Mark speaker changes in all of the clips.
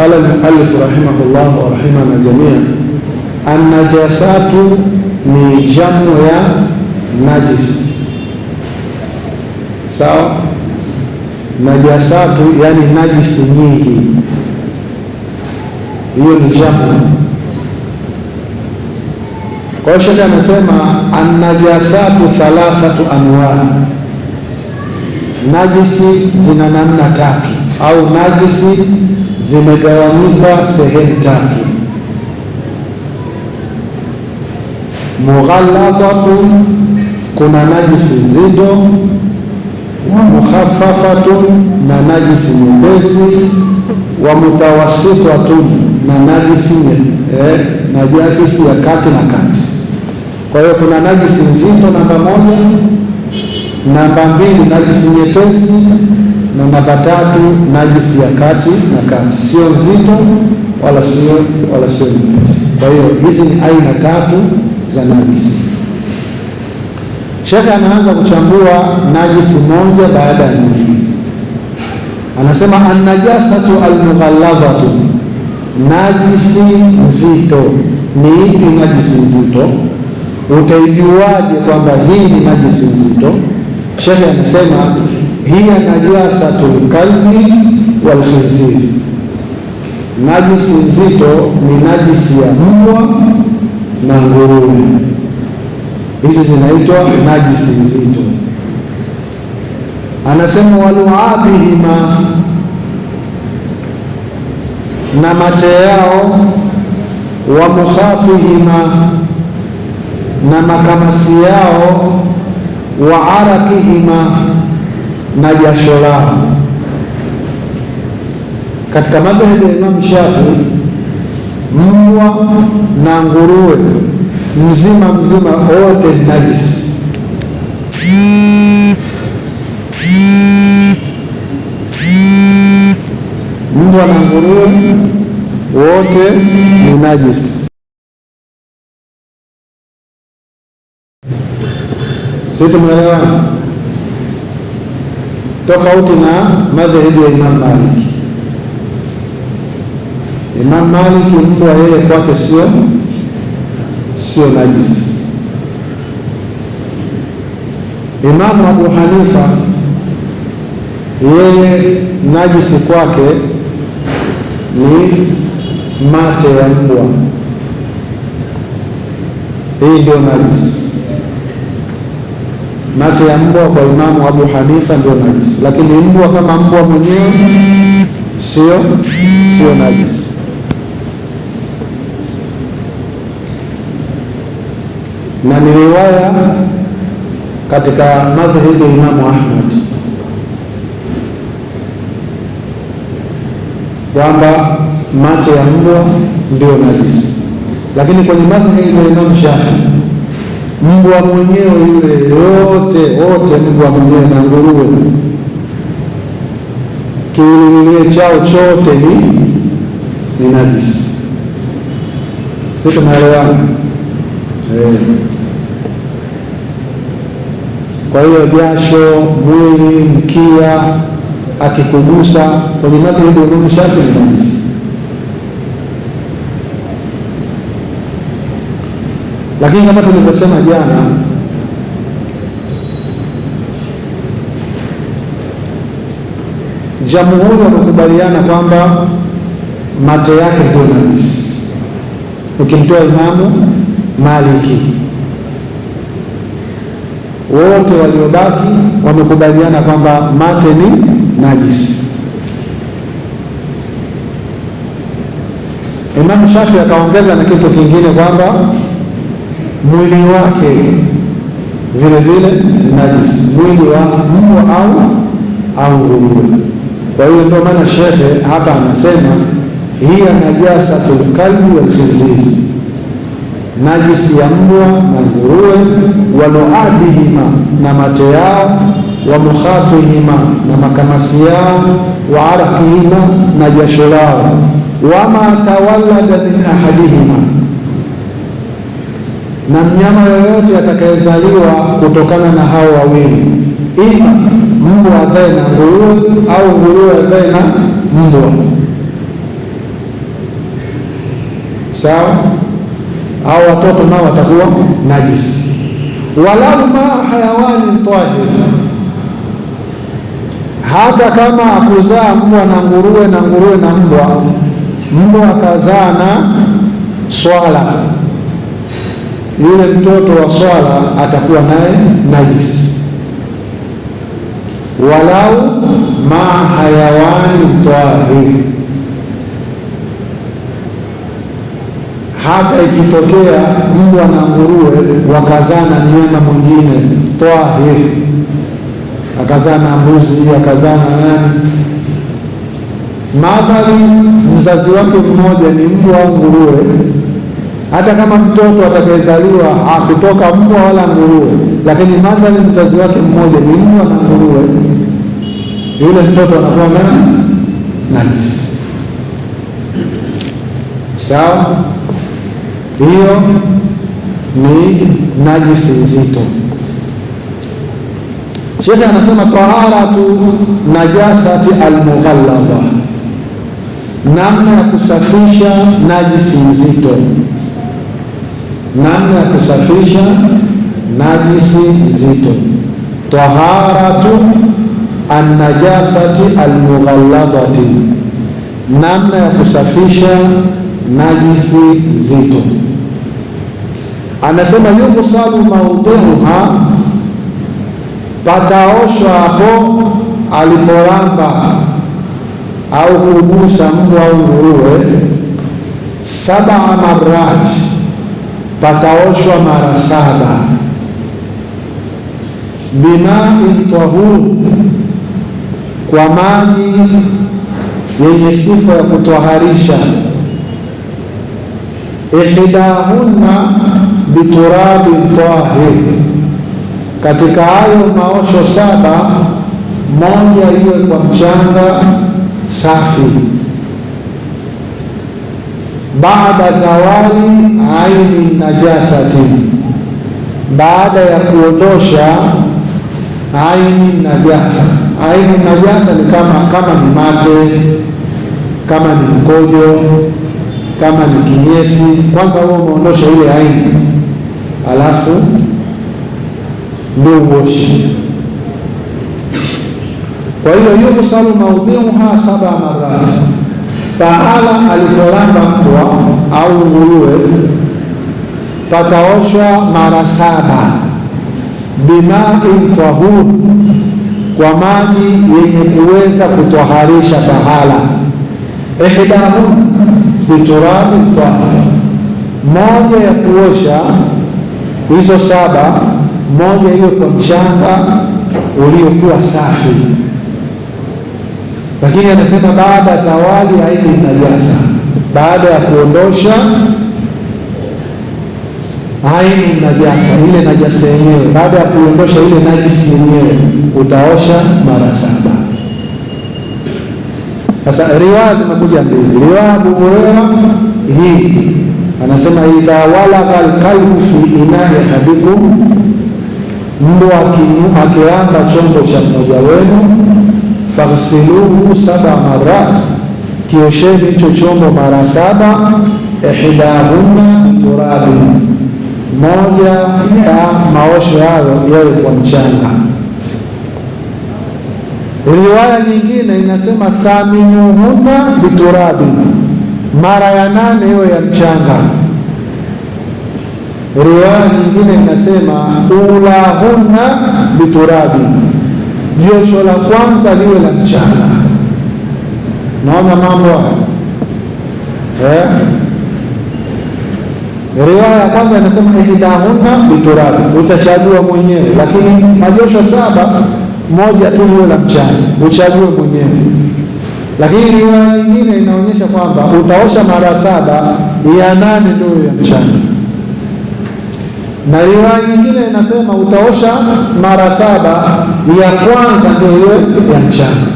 Speaker 1: قال المؤلف رحمه الله ورحمنا جميعا النجاسات ni jamu ya najis sawa najasatu yani najisi nyingi hiyo ni jamu kwa hiyo shekhe anasema annajasatu thalathatu anwaa najisi zina namna tatu au najisi zimegawanyika sehemu tatu: mughalladhatun, kuna najisi nzito, wa mukhaffafatun, na najisi nyepesi, wa mutawassitatun, na najisi eh, najisi ya kati na kati. Kwa hiyo kuna najisi nzito namba moja, namba mbili najisi nyepesi namba tatu, najisi ya kati na kati, sio nzito wala sio wala sio nyepesi. Kwa hiyo hizi ni aina tatu za najisi. Shekhe anaanza kuchambua najisi moja baada ya nyingine, anasema annajasatu almughalladhatu, najisi nzito. Ni ipi najisi nzito? Utaijuaje kwamba hii ni najisi nzito? Shekhe anasema hiya najasatul kalbi wal khinziri, najisi nzito ni najisi ya mbwa na nguruwe. Hizi zinaitwa najisi nzito. Anasema waluabihima, na mate yao, wa mukhatihima, na makamasi yao, wa arakihima na jasho lao. Katika madhehebu ya Imamu Shafii, mbwa na nguruwe mzima mzima wote najisi. Mbwa na nguruwe wote ni najisi. Sisi tumeelewana? tofauti na madhehebu ya Imam Malik. Imam Malik mbwa yeye kwake sio sio najisi. Imamu Abu Hanifa yeye najisi kwake ni mate ya mbwa, hii ndio najisi mate ya mbwa kwa Imamu Abu Hanifa ndio najisi, lakini mbwa kama mbwa mwenyewe sio sio najisi. Na ni riwaya katika madhhabi ya Imamu Ahmad kwamba mate ya mbwa ndio najisi, lakini kwenye madhhabi ya Imamu Shafi mbwa mwenyewe yule yote wote, mbwa mwenyewe na nguruwe, kiwiliwilio chao chote ni ni najisi. Sisi eh? Kwa hiyo jasho, mwili, mkia akikugusa kwenye madhehebu ya Imamu Shafi ni najisi. Lakini kama tulivyosema jana, jamhuri wamekubaliana kwamba mate yake ndio najisi, ukimtoa Imamu Maliki wote waliobaki wamekubaliana kwamba mate ni najisi. Imamu Shafi akaongeza na kitu kingine kwamba mwili wake vile vile najis, mwili wa mbwa au au nguruwe. Kwa hiyo ndio maana shekhe hapa anasema hii anajasa kalbi wa khinziri, najisi ya mbwa na nguruwe, waluabihima na mate yao, wa na makamasi yao, wa na jasho lao, wama tawallada min ahadihima na mnyama yoyote atakayezaliwa kutokana na hao wawili, ima mbwa azae na nguruwe au nguruwe azae na mbwa, sawa? Au watoto nao watakuwa najisi. Walau maa hayawani tahiri, hata kama akuzaa mbwa na nguruwe na nguruwe na mbwa, mbwa akazaa na swala yule mtoto wa swala atakuwa naye najisi, walau ma hayawani tahir, hata ikitokea mbwa na nguruwe wakazana mnyama mwingine tahir, akazana mbuzi, akazana nani, madhali mzazi wake mmoja ni mbwa au nguruwe hata kama mtoto atakayezaliwa akitoka mbwa wala nguruwe, lakini mazali mzazi wake mmoja ni mbwa na nguruwe, yule mtoto anakuwa na najisi. Sawa, hiyo ni najisi nzito. Shekhe anasema taharatu najasati almughalladha, namna ya kusafisha najisi nzito namna ya kusafisha najisi nzito. Taharatu annajasati almughalladhati, namna ya kusafisha najisi nzito. Anasema yukusalu maudhuha, pataoshwa hapo alipolamba au kugusa mtu au nguruwe, sab'a marati pataoshwa mara saba bimai tahur, kwa maji yenye sifa ya kutwaharisha. Ihdahunna biturabi tahir, katika hayo maosho saba, moja iwe kwa mchanga safi baada zawali aini najasati, baada ya kuondosha aini najasa. Aini najasa ni kama kama ni mate, kama ni mkojo, kama ni kinyesi. Kwanza huo umeondosha ile aini, alafu ndio uoshi. Kwa hiyo yukusalu maudhiuha saba marati pahala alipolamba mbwa au nguruwe pakaoshwa mara saba bimain tahur, kwa maji yenye kuweza kutwaharisha pahala. Ihdahu biturabi tahir, moja ya kuosha hizo saba, moja hiyo kwa mchanga uliokuwa safi lakini anasema baada zawadi aili najasa, baada ya kuondosha aini najasa, ile najasa yenyewe, baada ya kuondosha ile najisi yenyewe utaosha mara saba. Sasa riwaya zimekuja mbili. Riwaya Abu hii anasema idha walagha alkalbu fi ina'i hadikum, mbwa akiamba chombo cha mmoja wenu faghsiluhu saba marat, kiosheni hicho chombo mara saba. Ihdahunna biturabi, moja ya maosho hayo yawe kwa mchanga. Riwaya nyingine inasema thaminuhunna biturabi, mara ya nane hiyo ya mchanga. Riwaya nyingine inasema ulahunna biturabi josho la kwanza liwe la mchana. Naona mambo eh? Riwaya ya kwanza inasema ihdahunna biturabi, utachagua mwenyewe, lakini majosho saba moja tu liwe la mchana, uchague mwenyewe. Lakini riwaya nyingine inaonyesha kwamba utaosha mara saba, ya nane ndio ya mchana na riwaya nyingine inasema utaosha mara saba, ya kwanza ndio hiyo ya mchana.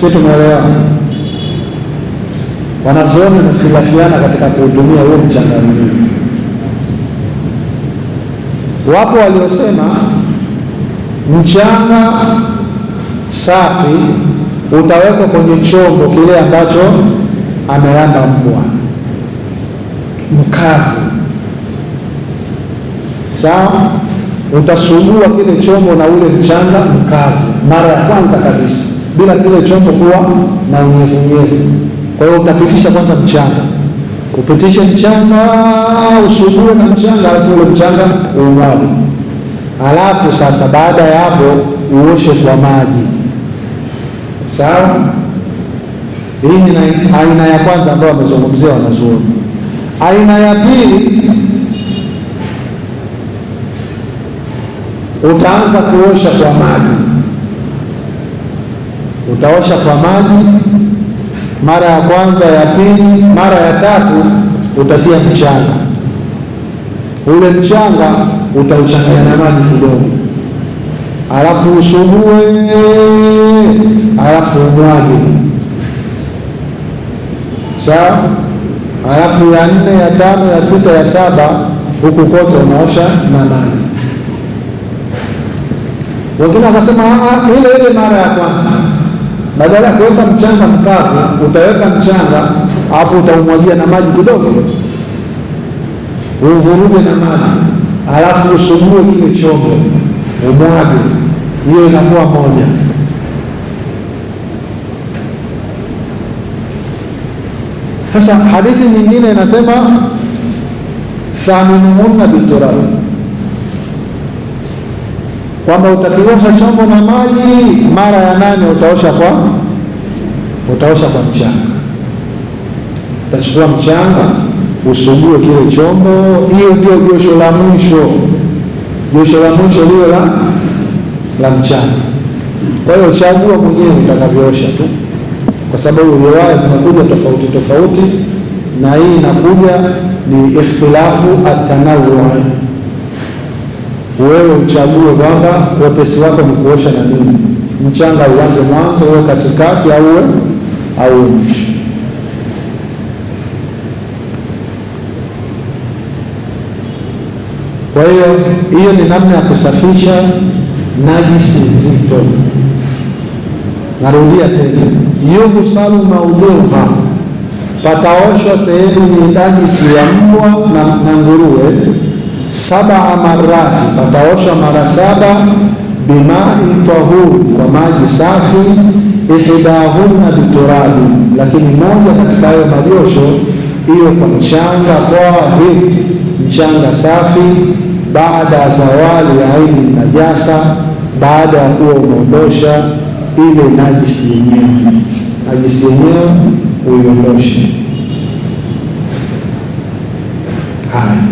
Speaker 1: Si tumeelewa? Wanazuoni wamekhitilafiana katika kuutumia huo mchanga mwingine. Wapo waliosema mchanga safi utawekwa kwenye chombo kile ambacho amelanda mbwa mkazi, sawa. Utasugua kile chombo na ule mchanga mkazi mara ya kwanza kabisa, bila kile chombo kuwa na unyezinyezi. Kwa hiyo utapitisha kwanza mchanga, upitishe mchanga, usugue na mchanga, alafu ule mchanga umwage. Alafu sasa, baada ya hapo, uoshe kwa maji, sawa. Hii ni aina ya kwanza ambayo wamezungumzia wanazuoni. Aina ya pili, utaanza kuosha kwa maji, utaosha kwa maji mara ya kwanza, ya pili, mara ya tatu utatia mchanga. Ule mchanga utauchanganya na maji kidogo, halafu usugue, halafu umwage. Sawa alafu ya nne, ya tano, ya sita, ya saba, huku kote unaosha na nane. Wengine akasema ah, ah, ile ile mara ya kwanza, badala ya kuweka mchanga mkavu utaweka mchanga alafu utaumwagia na maji kidogo, uvuruge na maji alafu usugue kile chombo umwage, hiyo inakuwa moja. Sasa hadithi nyingine inasema thaminuhunna biturab, kwamba utakiosha chombo na maji mara ya nane utaosha kwa utaosha kwa mchanga. Utachukua mchanga usugue kile chombo, hiyo ndio josho la mwisho. Josho la mwisho liwe la la mchanga. Kwa hiyo chagua mwenyewe utakavyoosha tu kwa sababu riwaya zinakuja tofauti tofauti, na hii inakuja ni ikhtilafu atanawui. Wewe uchague kwamba wepesi wako ni kuosha na nini, mchanga uanze mwanzo, uwe katikati au uwe au mwisho. Kwa hiyo hiyo ni namna ya kusafisha najisi nzito. Narudia tena, yuhusalu mauduha, pataoshwa sehemu yenye najisi ya mbwa na, na nguruwe. Sabaa marati, pataoshwa mara saba. Bimai tahuri, kwa maji safi. ihidahunna biturabi, lakini moja katika hayo majosho hiyo kwa mchanga tahir, mchanga safi. Baada ya zawali ya aini najasa, baada ya kuwa umeondosha ile najisi yenyewe, najisi yenyewe uiondoshe. Haya.